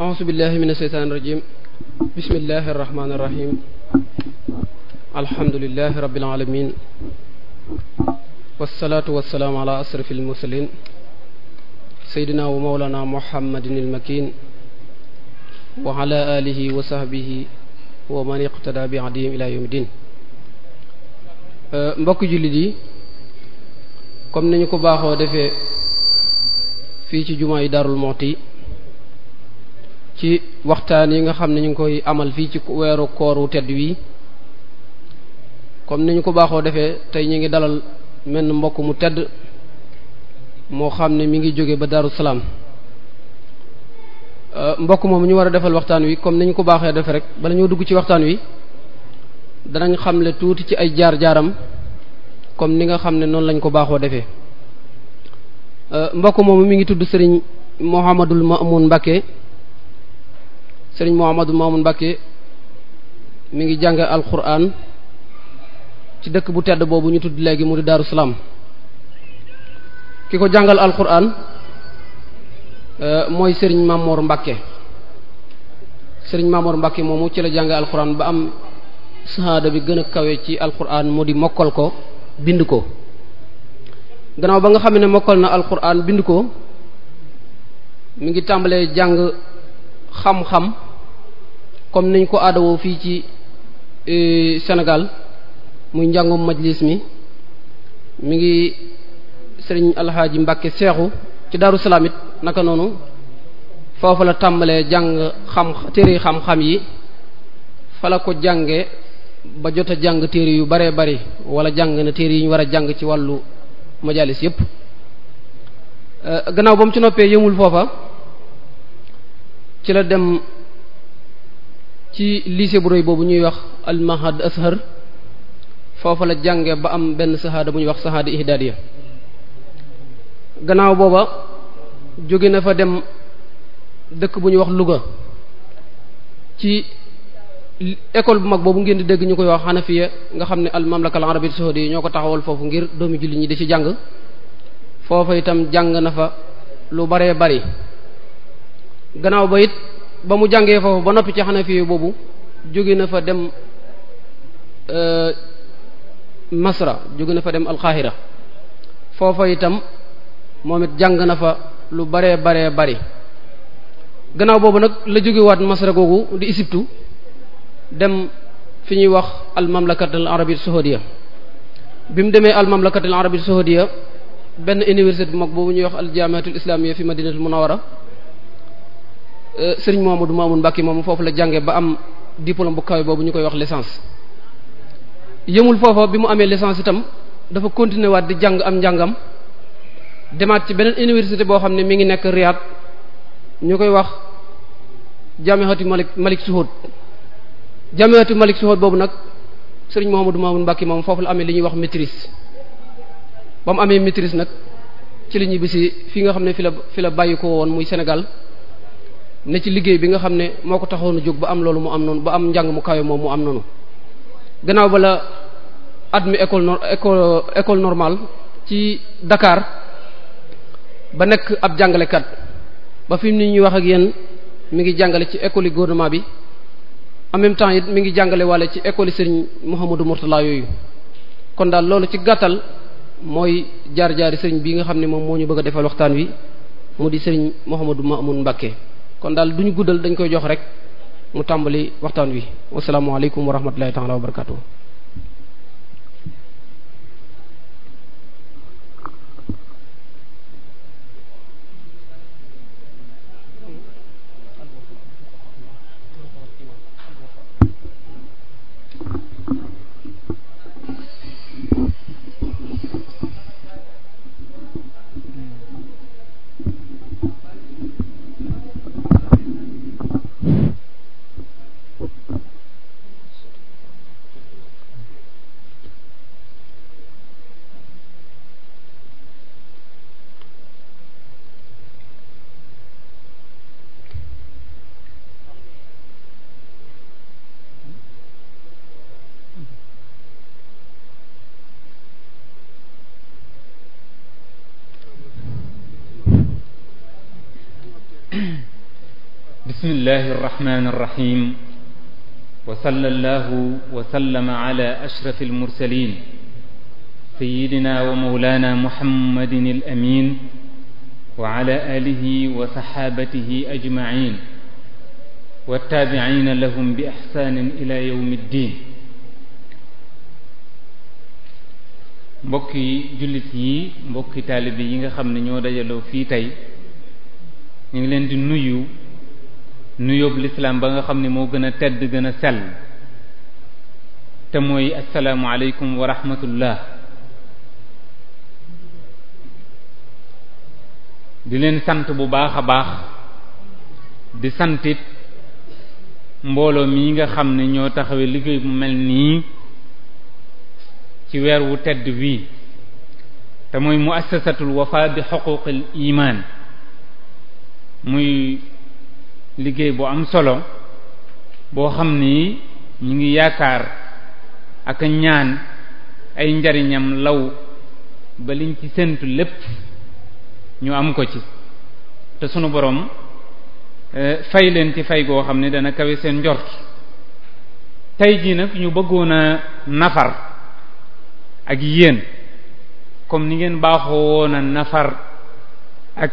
أعوذ بالله من الشيطان الرجيم بسم الله الرحمن الرحيم الحمد لله رب العالمين والصلاة والسلام على أشرف المرسلين سيدنا ومولانا محمد المكين وعلى آله وصحبه ومن اقتدى بعديهم إلى يوم الدين mbokk jullit yi comme nañu ko baaxoo defee fii ci jumaa yi Daarul Muxti ci waxtaan yi nga xam ne ñu ngi koy amal fii ci weeru kooru tedd wii comme ni ñu ko baaxoo defee tey ñu ngi dalal menn mbokk mu tedd moo xam ne mi ngi jóge ba Darou Salaam euh, mbokk moom ñu war a defal waxtaan wi comme ni ñu ko baaxee defe rek bala ñoo dugg ci waxtaan wi danañ xam xamle tuuti ci ay jaar-jaaram comme ni nga xam ne noonu lañ ko baaxoo defee euh, mbokk moomu mi ngi tudd sëriñ ma Mamoun Mbacké sëriñ Mouhamadou Mamoun Mbacké mu ngi jànge alquran ci dëkk bu tedd boobu ñu tudd léegi mu di Daaru Salaam ki ko jàngal alquran euh, mooy sëriñ Mamour Mbacké sëriñ Mamour Mbacké moomu ci la jànge alquran ba am sahaada bi gën a kawe ci alquran mu di mokkal ko bind ko gannaaw ba nga xam ne mokkal na alquran bind ko mu ngi tàmbalee jàng xam-xam comme niñ ko aadawoo fii ci e, senegal muy njàngum majlis mi mu ngi sëriñ alxaaji Mbàkke seexu ci Daaru Salaam it naka noonu foofu la tàmbalee jàng xam téere xam yi fa la ko jànge ba jot a jàng téere yu baree bari wala jàng na téere yi war a jàng ci wàllu majalis yépp e, gannaaw ba mu ci noppee yëmul foofa ci la dem ci lycée bu rëy boobu ñuy wax al mahad foofa la jànge ba am benn sahaada bu ñuy wax sahaada ihdaadiya gannaaw booba jóge na fa dem dëkk bu ñuy wax Louga ci école bu mag boobu ngeen di dégg ñu koy wax xanafiya nga xam ne al mamlaka al arabiyya saudi ñoo ko taxawal foofu ngir doomi julli ñi di ci jàng foofa itam jàng na fa lu baree bari gannaaw ba it ba mu jàngee foofu ba noppi ci fii boobu jóge na fa dem euh, masra jóge na fa dem alxaahira foofa itam moom it jàng na fa lu baree bare bari gannaaw boobu nag la jógewaat masra googu di isiptu dem fi ñuy wax al mamlakat al arabiyya saudiya bi mu demee al mamlakat al arabiyya saudiya benn université bu mag boobu ñuy wax al jaamiatul islamiyya fi madinatul munawwara Euh, sëriñ Mamadou Mamoun Mbacké moom foofu la jànge ba am diplôme bu kawe koy wax licence yëmul foofa bi mu amee licence itam dafa continuer waat di jàng am njàngam demaat ci beneen université boo xam ne mi ngi nekk Riyad ñu koy wax Jamihatu Malik Malik Suhud Jamihatu Malik Suhud boobu nag sëriñ Mamadou Mamoun Mbacké moom foofu la amee li ñuy wax maîtrise ba mu amee maîtrise nag ci li ñuy fii nga xam ne fi la fi la bàyyi ko woon muy Sénégal ne ci liggéey bi nga xam ne moo ko taxoon a jóg ba am loolu mu am noonu ba am njàng mu kawe moom mu am noonu gannaaw ba la admis école no école école ci dakaar ba nekk ab jàngalekat ba fi mu ni ñuy wax ak yenn mu ngi jàngale ci école yi gouvernement bi en même temps it mi ngi jàngale wàlle ci école yi Serigne Mouhamadou yooyu kon daal loolu ci gàttal mooy jaar jaari sëriñ bi nga xam ne moom moo ñu bëgg a defal waxtaan wi mu di Serigne Mouhamadou Mamoun Mbacké kon daal duñu guddal dañ koy jox rek mu tàmbali waxtaan wi wasalaamualeykum wa rahmatullahi taala wa barakatuh bismillahi irrahmani irrahim wa sallallahu wa sallama ala ashrafi almursalin sayidina wa mawlana muhammadin alamin wa ala alihi wa saxaabatihi ajmain wa taabiciina lahum bi ixsaanin ila yawmi ddiin mbokki jullit yi mbokki taalibe yi nga xam ne ñoo dajaloo fii tey ñu ngi leen di nuyu nu yóbbu lislaam ba nga xam ni moo gën a tedd gën a sell te mooy assalaamu aleykum wa di leen sant bu baax a baax di santit mbooloo mii nga xam ne ñoo taxawee liggéey bu mel nii ci weer wu tedd wii te mooy muassasatul wafa bi xuquqil iman muy liggéey bu am solo boo xam ni ñu ngi yaakaar ak ñaan ay njariñam law ba liñ ci séntu lépp ñu am ko ci te sunu boroom e, fay leen ci fay goo xam ne dana kawe seen njor tey jii nag ñu bëggoon a nafar ak yéen comme ni ngeen nafar ak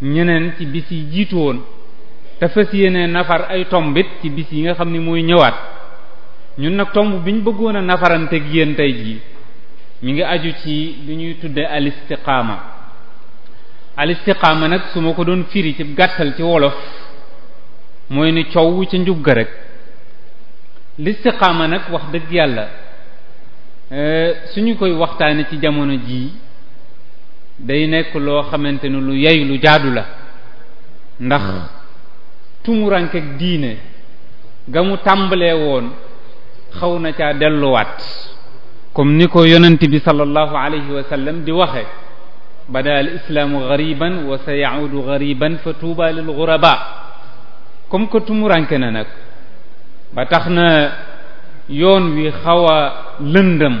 ñeneen ci bi ci jiitu woon te fas yéene nafar ay tombit ci bis yi nga xam ni mooy ñëwaat ñun nag tomb bi ñu bëggoon a nafaranteeg yéen tey jii mi ngi aju ci lu ñuy tuddee alistiqaama alistiqaama nag su ma ko doon firi ci gàttal ci wolof mooy ni coow ci njub ga rek listiqaama nag wax dëgg yàlla e, suñu koy waxtaane ci jamono jii day nekk loo xamante ni lu yey lu jaadu la ndax tumurankek diine ga mu tàmbalee woon xaw na ca delluwaat comme ni ko yonent bi sallallahu alayhi wa di waxe bada al islaamu gariban wa sa yaudu gariban fa tuuba lil ghuraba comme que tumuranke na nag ba tax na yoon wi xaw a lëndëm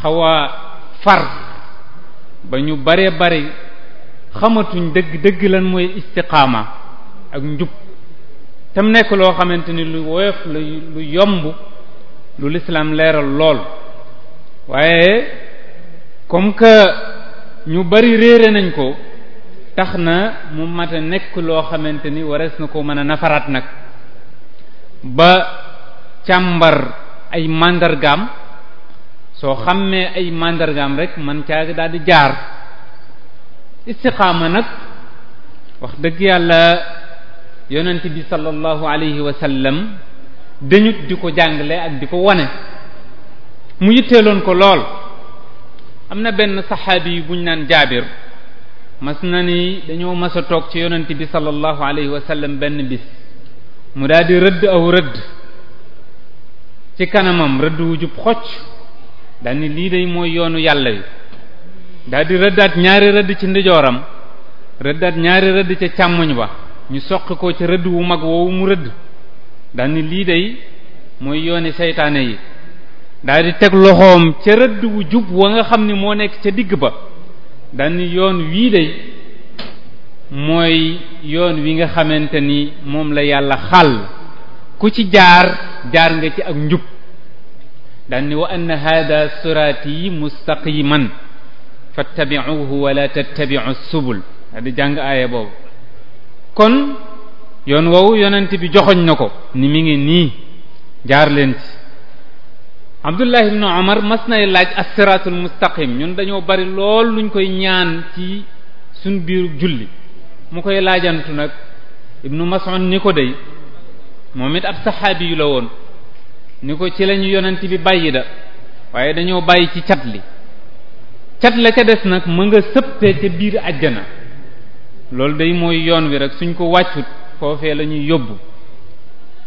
xaw a far ba ñu bare bare xamatuñ dëgg dëgg lan mooy istiqaama ak njub te mu nekk loo xamante ni lu woyof lu yomb lu lislaam leeral lool waaye comme que ñu bari réere nañ ko tax na mu mat nekk loo xamante ni warees na ko mën a nafaraat nag ba càmbar ay màndargaam soo xammee ay màndargaam rek man caa daal di jaar istiqaama nag wax dëgg yàlla yonent bi sallallahu alayhi wa dëñut di ko jàngale ak di ko wane mu yitteeloon ko lool am na benn saxaabi yi buñ naan jaabir mas na ni dañoo mas a toog ci yonent bi sallallahu alayhi wa sallam benn bis mu daldi rëdd aw rëdd ci kanamam rëdd wu jub xocc daal lii day mooy yoonu yàlla yi daldi rëddaat ñaari rëdd ci ndijooram rëddaat ñaari rëdd ca càmmoñ ba ñu soqi ko ci rëdd wu mag woowu mu rëdd daal ni lii day mooy yooni seytaane yi daldi teg loxoom ca rëdd wu jub wa nga xam ni moo nekk ca digg ba daal ni yoon wii day mooy yoon wi nga xamante ni moom la yàlla xàll ku ci jaar jaar nga ci ak njub daal ni wa anna hada sirati mustaqiman fattabi'uhu te tattabi'u subul daal di jàng aaya boobu kon yoon woowu yonent bi joxoñ na ko ni mi ngi nii jaar leen ci Abdullah ibn Umar mas nay laaj as-siratul ñun dañoo bari lool luñ koy ñaan ci suñ biiru julli mu koy laajantu nag ibnu Mas'ud ni ko dey moom it ab saxaabi yu la woon ni ko ci lañu yonent bi bàyyi da waaye dañoo bàyyi ci cat li cat la ca des nag mën nga sëppee ca biir àjjana loolu day mooy yoon wi rek suñ ko wàccut foofee lañuy yóbbu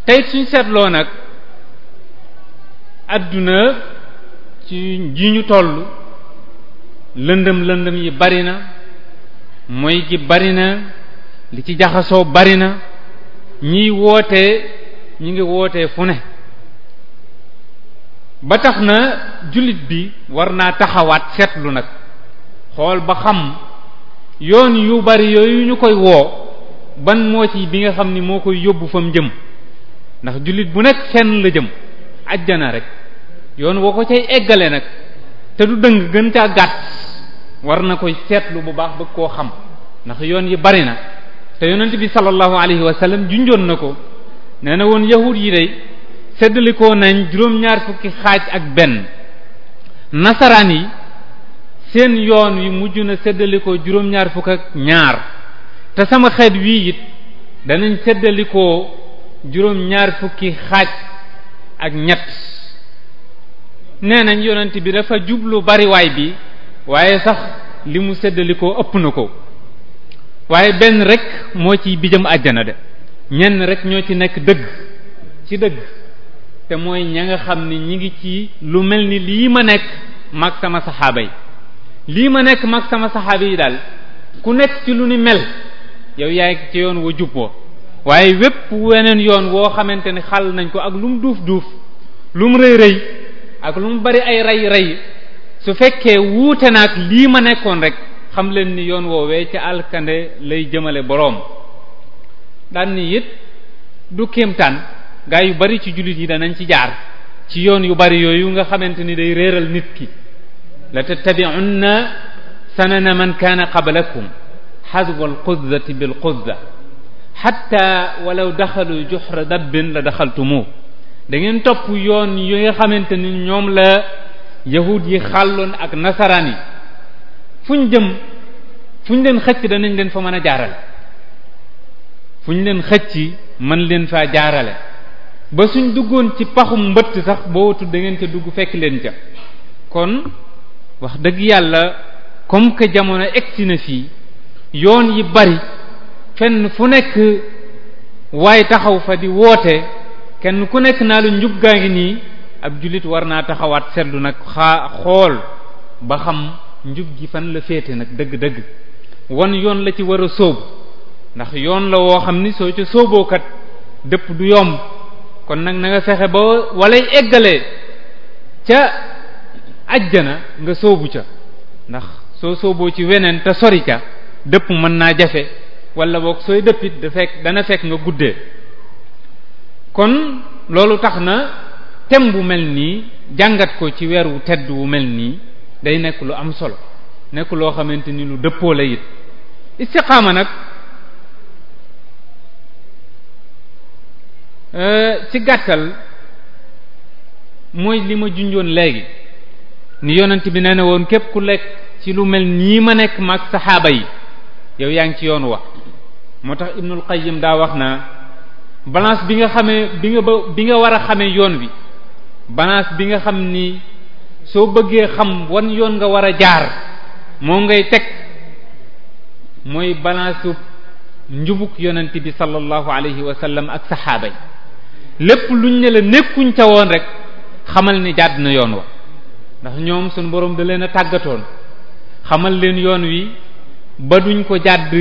tey suñ seetloo nag àdduna ci ji ñu toll lëndëm lëndëm yi bari na mooy gi bari na li ci jaxasoo bari na ñiy wootee ñi ngi wootee fu ne ba tax na jullit bi war naa taxawaat seetlu nag xool ba xam yoon yu bari yooyu ñu koy woo ban moo ci bi nga xam ni moo koy yóbbu fam jëm ndax jullit bu nekk fenn la jëm ajjana rek yoon woo ko cay eggale nag te du dëng gën caa gàtt war na koy seetlu bu baax bëgg koo xam ndax yoon yi bari na te yonent bi sallallahu alayhi wa sallam junjoon na ko nee na woon yahud yi day seddalikoo nañ juróom-ñaar fukki xaaj ak benn nasaraan yi seen yoon wi mujj na séddalikoo juróom-ñaar fukk ak ñaar te sama xeet wii it danañ séddalikoo juróom-ñaar fukki xaaj ak ñett nee nañ yonent bi dafa jublu bariwaay bi waaye sax li mu séddalikoo ëpp na ko waaye benn rekk moo ci bijam àjjana de ñenn rekk ñoo ci nekk dëgg ci dëgg te mooy ña nga xam ni ñi ngi ci lu mel ni lii ma nekk mag sama saxaaba yi lii ma nekk mag sama saxaabi yi daal ku nekk ci lu ni mel yow yaay ci yoon wa jub wa waaye wépp weneen yoon woo xamante ni xàll nañ ko ak lu mu duuf duuf lu mu rëy rëy ak lu mu bari ay ray ray su fekkee wuute naag lii ma nekkoon rek xam leen ni yoon woowee ci alkande lay jëmale boroom daan ni it du kéemtaan gaa yu bari ci jullit yi danañ ci jaar ci yoon yu bari yooyu nga xamante ni day réeral nit ki la tattabi'unna sanana man kaan kaana qablakum xasbu alqudzati bilqudza xatta walaw daxalu juxra dabbin la daxaltumu dangeen ngeen topp yoon yi nga xamante ni ñoom la yahud yi xàlloon ak nasaraan yi fuñ jëm fuñ leen xëcc danañ leen fa mën a jaarale fuñ leen xëcc mën leen faa jaarale ba suñ duggoon ci paxum mbëtt sax boo watul da ngeen ca dugg fekk leen jëm kon wax dëgg yàlla comme que jamono egsi na fii yoon yi bari fenn fu nekk waaye taxaw fa di woote kenn ku nekk naa lu njub gaa ngi nii ab jullit war naa taxawaat setlu nag xaa xool ba xam njub gi fan la féete nag dëgg-dëgg wan yoon la ci war a sóobu ndax yoon la woo xam ni soo ca soobookat dëpp du yomb kon nag na nga fexe ba walay eggalee ca ajjana nga sóobu ca ndax soo sóoboo ci weneen te sori ca dëpp mën naa jafe wala boog sooy dëppit da dana fekk nga guddee kon loolu tax na thème bu mel nii jàngat ko ci weer wu tedd wu mel nii day nekk lu am solo nekk loo xamante ni lu dëppoo la it istiqaama nag euh, ci gàttal mooy li ma junjoon léegi ni yonent bi nee na woon képp ku lekk ci lu mel nii ma nekk mag saxaaba yi yow yaa ngi ci yoon wa moo tax Ibnul Qayyim daa wax na balance bi nga xamee bi nga ba bi nga war a xamee yoon wi balance bi nga xam ni soo bëggee xam wan yoon nga war a jaar moo ngay teg mooy balance njubug yonent bi sallallahu alayhi wa sallam ak saxaaba yi lépp luñ ne la nekkuñ ca woon rek xamal ni jàdd na yoon wa ndax ñoom suñu borom da leen a tàggatoon xamal leen yoon wi ba duñ ko jàdd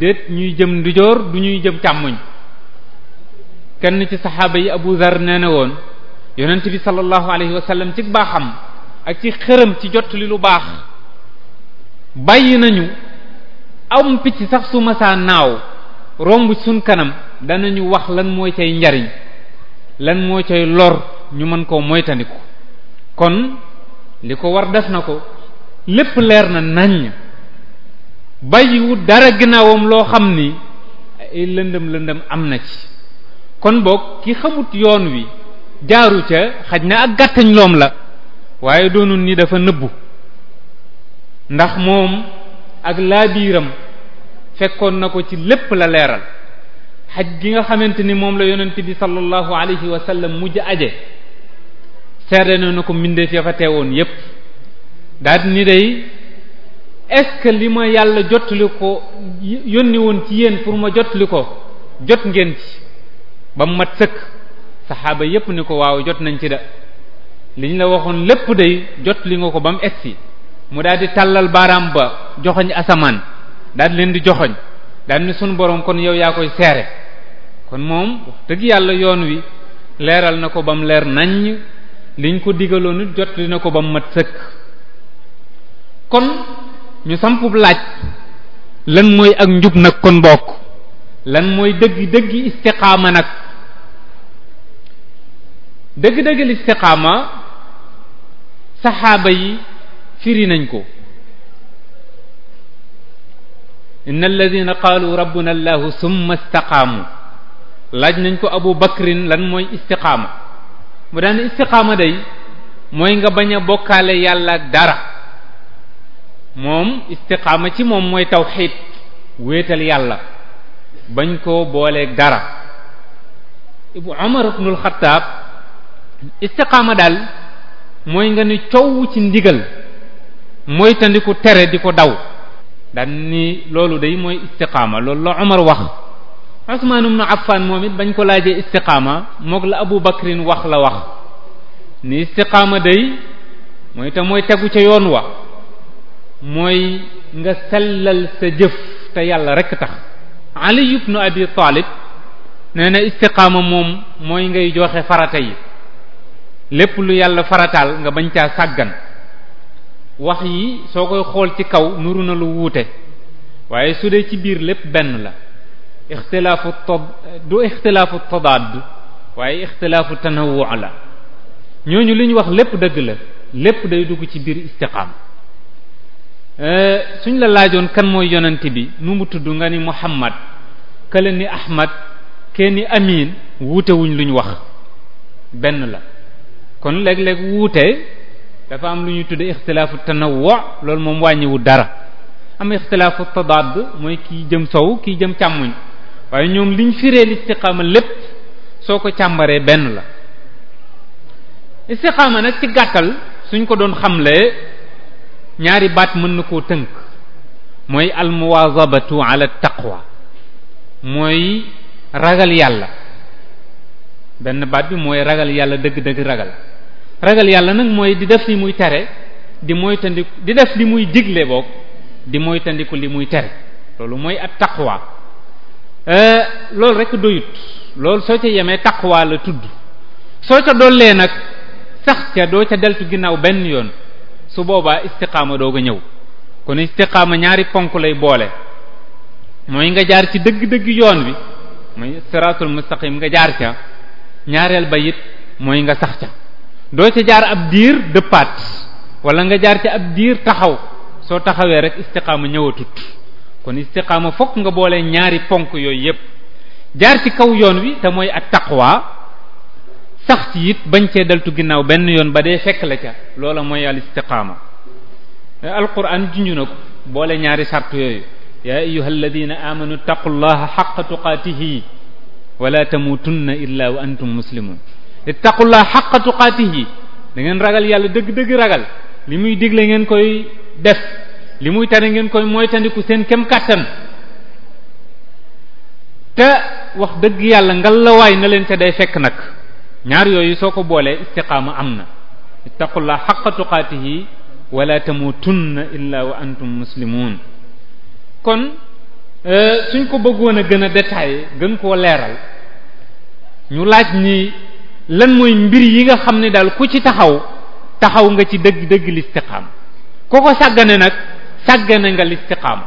déet ñuy jëm ndijoor du ñuy jëm càmmoñ kenn ci saxaaba yi Abu Zar nee na woon yonent bi sallallahu alayhi wa sallam baaxam ak ci xërëm ci jot li lu baax bàyyi nañu am picc sax su masaa naaw romb suñ kanam danañu wax lan moo cay njariñ lan moo cay lor ñu mën koo moytandiku kon li ko war def na ko lépp leer na naññ bàyyiwut dara ginnaawam loo xam ni ay lëndëm lëndëm am na ci kon boog ki xamut yoon wi jaaru ca xaj na ak gàttañ loom la waaye doonu nii dafa nëbbu ndax moom ak laabiiram fekkoon na ko ci lépp la leeral xaj gi nga xamante ni moom la yonent bi sallallahu alayhi wa sallam mujj aje seede na ko mbindeef ya fa teewoon yépp daal ni day est-ce que li ma yàlla jottali ko yónni woon ci yéen pour ma jottali ko jot ngeen ci ba mu mat sëkk saxaaba yépp ni ko waaw jot nañ ci da liñ la waxoon lépp day li nga ko ba mu si mu daal di tàllal baaraam ba joxoñ asamaan daal leen di joxoñ daal ni sunu borom kon yow yaa koy seere kon moom dëgg yàlla yoon wi leeral na ko ba mu leer naññ liñ ko digaloon it jot dina ko ba mu mat sëkk kon ñu sampub laaj lan mooy ak njub nag kon bokk lan mooy dëgg dëgg istiqaama nag dëgg dëggal istiqaama saxaaba yi firi nañ ko inna alladina qaalu rabbuna allahu summa istaqaamu laaj nañ ko abu bakrin lan mooy istiqaama mu daan istiqaama day mooy nga bañ a bokkaale yàlla ak dara moom istiqaama ci moom mooy tawxiid wéetal yàlla bañ koo booleeg dara ibu Umar ibnul Xattaab istiqaama daal mooy nga ni coow ci ndigal mooy tandiku tere di ko daw daan ni loolu day mooy istiqaama loolu la Umar wax na ibn fan moom it bañ ko laajee istiqaama mook la Abu Bakrin wax la wax ni istiqaama day mooy mooy tegu ca yoon wa mooy nga sellal sa jëf te yàlla rekk tax Ali ibn Abi Taalib nee na istiqaama moom mooy ngay joxe farata yi lépp lu yàlla farataal nga bañ caa sàggan wax yi soo koy xool ci kaw nuru na lu wuute waaye su dee ci biir lépp benn la ixtilaafu to du ixtilaafu todaad waaye ixtilaafu tanawu la ñooñu li ñu wax lépp dëgg la lépp day dugg ci biir istiqaam euh, suñ la laajoon kan mooy yonent bi nu mu tudd nga ni Muhammad kële ni Ahmad kee Amin wuutewuñ lu ñu wax benn la kon léeg-léeg wuute dafa am lu ñuy tudde ixtilaafu tanawu loolu moom wàññiwu dara am ixtilaafu tadaad mooy kii jëm sow kii jëm càmmuñ waaye ñoom liñ firee listiqaama lépp soo ko càmbaree benn la istiqaama nag ci gàttal suñ ko doon xamlee ñaari baat mën na koo tënk mooy almuwaazabatu ala taqwa mooy ragal yàlla benn baat bi mooy ragal yàlla dëgg-dëgg ragal ragal yàlla nag mooy di def li muy tere di moytandiku di def li muy digle boog di moytandiku li muy tere loolu mooy at taqwa Eh, loolu rek doyut loolu soo ca yemee taqwa la tudd soo ca dollee nag sax ca doo ca deltu ginnaaw benn yoon su boobaa istiqaama doog a ñëw kon istiqaama ñaari ponk lay boole mooy nga jaar ci dëgg-dëgg yoon bi mooy siratul mustaqim nga jaar ca ñaareel bayit mooy nga sax ca doo ca jaar ab diir dëppaat wala nga jaar ca ab diir taxaw soo taxawee rek istiqaama ñëwatut kon istiqaama fokk nga boole ñaari ponk yooyu yépp jaar ci kaw yoon wi te mooy ak taqwa sax ci it bañ cee daltu ginnaaw benn yoon ba dee fekk la ca loola mooy al istiqaama eh, alquran junju na ko boole ñaari sart yooyu yaa ayyuhal ladina amanu taqullaha xaqa tuqaatihi wala tamutunna illa wa antum muslimun ittaqullaha xaqa tuqaatihi da ngeen ragal yàlla dëgg-dëgg ragal li muy digle ngeen koy def li muy tane ngeen koy mooy tandiku seen kem kàttan te wax dëgg yàlla ngalawaay na leen te day fekk nag ñaar yooyu soo ko boolee istiqaama am na ittaqullaa xaqa tuqaatihi wala tamutunna illa wa antum muslimun kon euh, suñ ko bëggoon a gën a détaillé gën koo leeral ñu laaj ni lan mooy mbir yi nga xam ni daal ku ci taxaw taxaw nga ci dëgg dëgg listiqaam ku ko sàggane nag sàggane nga listiqaama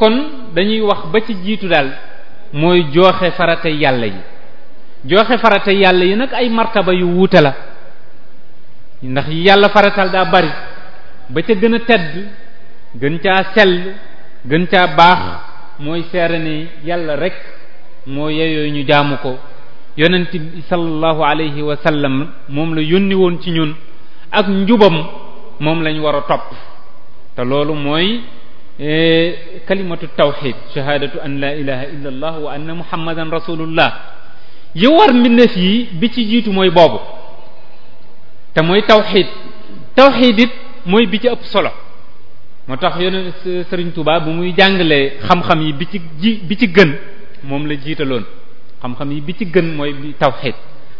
kon dañuy wax ba ci jiitu daal mooy jooxe farata yàlla yi jooxe farata yàlla yi nag ay martaba yu wuute la ndax yàlla faratal daa bari ba ca gën a tedd gën caa sell gën caa baax mooy seere ne yàlla rekk moo yeyoo ñu jaamu ko yonent bi sallallahu alayhi moom la yónni woon ci ñun ak njubam moom lañu war a topp te loolu mooy eh, kalimatu tawxid shahaadatu an la ilaha illa allah wa anna muhammadan rasulullah yi war mbindeef yi bi ci jiitu mooy boobu te mooy tawxid tawxid it mooy bi ci ëpp solo moo tax yone Sëriñ tubaab bu muy jàngalee xam-xam yi bi ci gën moom la jiitaloon xam-xam yi bi ci gën mooy tawxid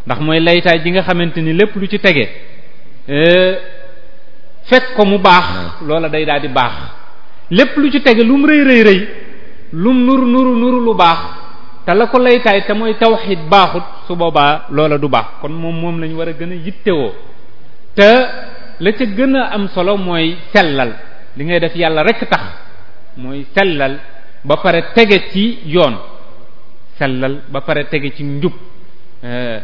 ndax mooy laytaay ji nga xamante ni lépp lu ci tege eh, fekk ko mu baax ah. loola day daal di baax lépp lu ci tege lum rëy rëy rëy lum nuru nuru nuru lu baax te la ko laytaay te mooy tawxiid baaxut su boobaa loola du baax kon moom moom lañu war a gën a yittewoo te la ca gën a am solo mooy sellal li ngay def yàlla rekk tax mooy sellal ba pare tege ci yoon sellal ba pare tege ci njub eh,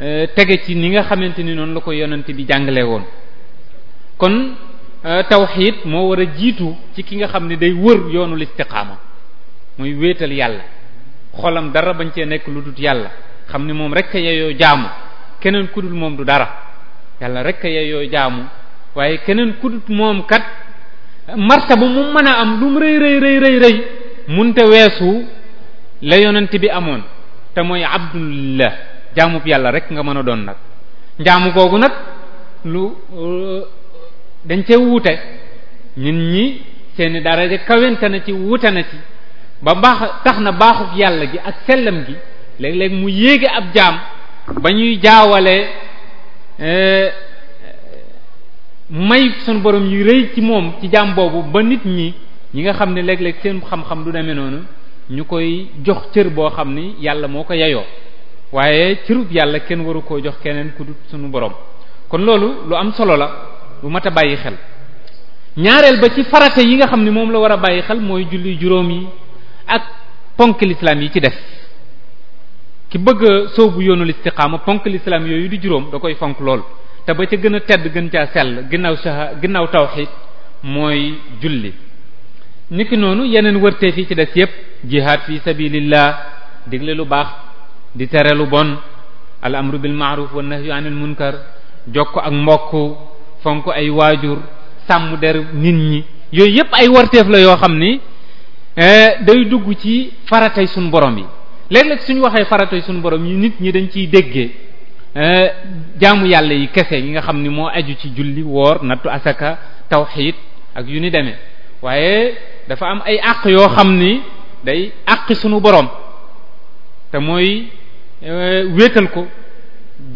eh, tege ci ni nga xamante ni noonu la ko yonent bi jàngale woon kon euh, tawxiid moo war a jiitu ci ki nga xam ne day wër yoonul istiqaama muy wéetal yàlla xolam dara bañ cee nekk lu dut yàlla xam ni moom rek a yeyoo jaamu keneen ku moom du dara yàlla rek a yeyoo jaamu waaye keneen ku moom kat martaba mu mën a am lu mu rëy rëy rëy rëy rëy munte weesu la yonent bi amoon te mooy la jaamub yàlla rek nga mën a doon nag njaamu googu nag euh, dañ cee wuute ñun ñi seeni daraja kawente na ci wuute na ci ba baax tax na baaxuk yàlla gi ak sellam gi léeg-léeg mu yéege ab jaam ba ñuy jaawalee euh, may sunu borom yu rëy ci moom ci jaam boobu ba nit ñi ñi nga xam ne léeg-léeg seen xam-xam du demee noonu ñu koy jox cër boo xam ni yàlla moo ko yayoo waaye cërub yàlla kenn waru koo jox keneen ku dut sunu borom kon loolu lu am solo la lu mat a bàyyi xel ñaareel ba ci farata yi nga xam ne moom la war a bàyyi xel mooy julli juróom yi ak ponk lislaam yi ci def ki bëgg a yoonu listiqaama ponk lislaam yooyu di juróom da koy fonk lool te ba ca gën a tedd gën caa sell ginnaaw sa ginnaaw tawxiid mooy julli niki noonu yeneen wërteef yi ci des yépp jihaad fi sabilillah digle lu baax di tere lu bon al amru bil ma'ruf wa nahyu anil munkar jokk ak mbokk fonk ay waajur sàmm der nit ñi yooyu yépp ay warteef la yoo xam ni eh, day dugg ci faratay suñu borom yi léeg-léeg suñu waxee faratay suñu borom yi nit ñi dañ ciy déggee eh, jaamu yàlla yi kese ñi nga xam ni moo aju ci julli woor nattu asaka tawxiid ak yu ni demee waaye dafa am ay àq yoo xam ni day àq suñu borom te mooy eh, wéetal ko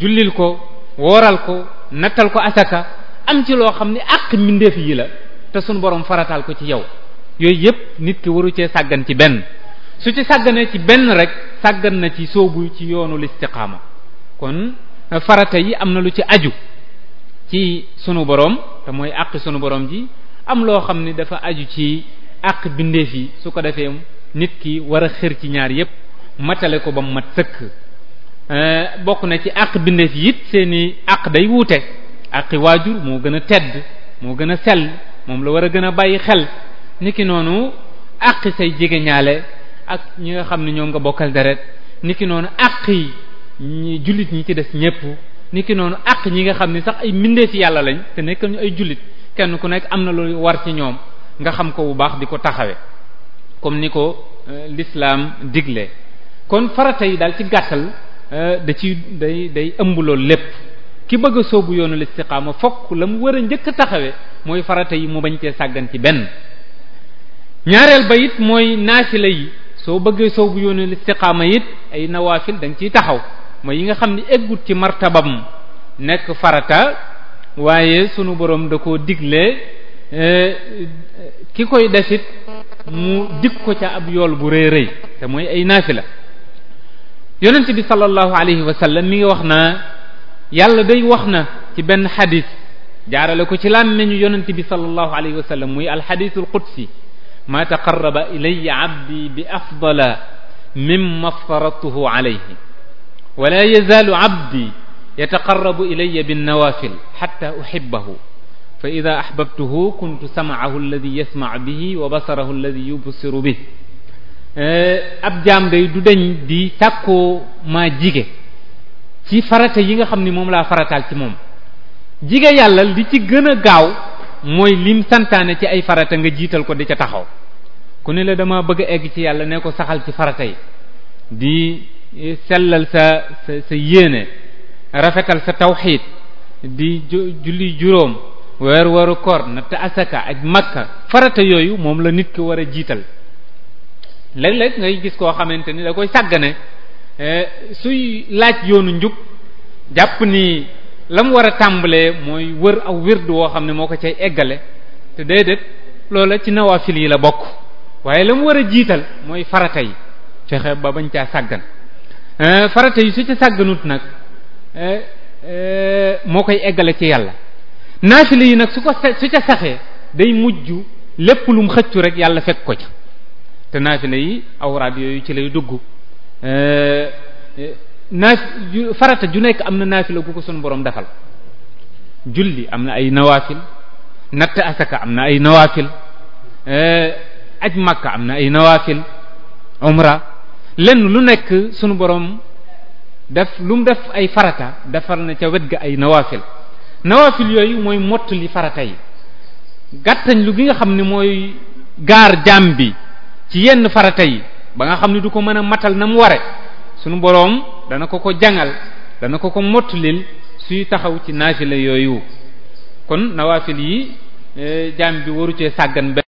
jullil ko wooral ko nattal ko asaka am ci loo xam ne àq mbindeef yi la te sunu borom farataal ko ci yow yooyu yëpp nit ki waru cee sàggan ci benn su ci sàgganee ci benn rek sàggan na ci soobu ci yoonu listiqaama kon farata yi am na lu ci aju ci sunu borom te mooy àq sunu borom ji am loo xam ni dafa aju ci àq bindeef yi su ko defee nit ki war a xër ci ñaar yëpp matale ko ba mu mat sëkk eh, bokk na ci àq bindeef yi it seeni àq day wuute àqi waajur moo gën a tedd moo gën a sel moom la war a gën a bàyyi xel ki noonu àqi say ñaale ak ñi nga xam ne ñoom nga bokkal deret niki noonu àqi ñi jullit ñi ci des ñépp niki noonu àq ñi nga xam ni sax ay mbindeef ci yàlla lañ te nekkal ñu ay jullit kenn ku nekk am na lu war ci ñoom nga xam ko bu baax di ko taxawee comme ni ko euh, lislaam digle kon farata yi daal ci gàttal euh, da ci day day ëmb lépp ki bëgg a soobu yoonu listiqaama fokk la mu war a njëkk a taxawee mooy farata yi mu bañ cee sàggan ci benn ñaareel ba it mooy naafila yi soo bëggee soobu yoonu listiqaama it ay nawaafil da ciy taxaw mooy yi nga xam ne eggut ci martabam nekk farata waaye sunu boroom da koo digle e, ki koy defit mu dig ko ca ab yool bu rëy rëy te mooy ay naafila yonent bi sallallahu alayhi wa sallam ngi wax na yàlla day wax na ci benn xadis jaarale ko ci làmmiñu yonent bi sallallahu alayhi wa sallam muy alxadisul qudsi ma taqarraba ilayya abdi bi afdala mimma aftaradtuhu alayhi wala yazaalu abdi yataqarrabu ilayya binnawaafil xatta uhibbahu fa ida ahbabtuhu kuntu samaahu alladi yasmaa bihi wa basarahu alladi yubsiru bihi ab jaam day du dañ di sàkkoo maa jige ci farata yi nga xam ni moom laa farataal ci moom jige yàlla li ci gën a gaaw mooy lim santaane ci ay farata nga jiital ko di ca taxaw ku ne la dama bëgg a egg ci yàlla ne ko saxal ci farata yi di eh, sellal sa sa sa yéene rafetal sa tawxiid di julli juróom weer waru koor natt asaka ak makka farata yooyu moom la nit ki war a jiital léeg-léeg ngay gis koo xamante ni da koy sàggane Eh, suy laaj yoonu njub jàpp ni la mu war a tàmbalee mooy wër aw wird woo xam ne moo ko cay eggale te loolu la ci nawaafil yi la bokk waaye la mu war a jiital mooy farata yi fexe ba bañ caa sàggan eh, farata yi su ca sàgganut nag eh, moo koy eggale ci yàlla naafila yi nag su ko su ca saxee day mujj lépp lum mu xëccu rek yàlla fekk ko ca te naafila yi aw awraad yooyu ci lay dugg naaf farata ju nekk am na naafila gu ko sunu borom defal julli am na ay nawaafil natt asaka am na ay nawaafil aj makka am na ay nawaafil umra lenn lu nekk sunu borom def lu mu def ay farata defal na ca wet ga ay nawaafil nawaafil yooyu mooy mottali farata yi gàttañ lu gi nga xam ni mooy gaar jaam bi ci yenn farata yi ba nga xam ni du ko mën a matal na mu ware sunu boroom dana ko ko jangal dana ko ko mottulil suy taxaw ci naafila yooyu kon nawaafil yi eh, jaam bi waru cee sàggan benn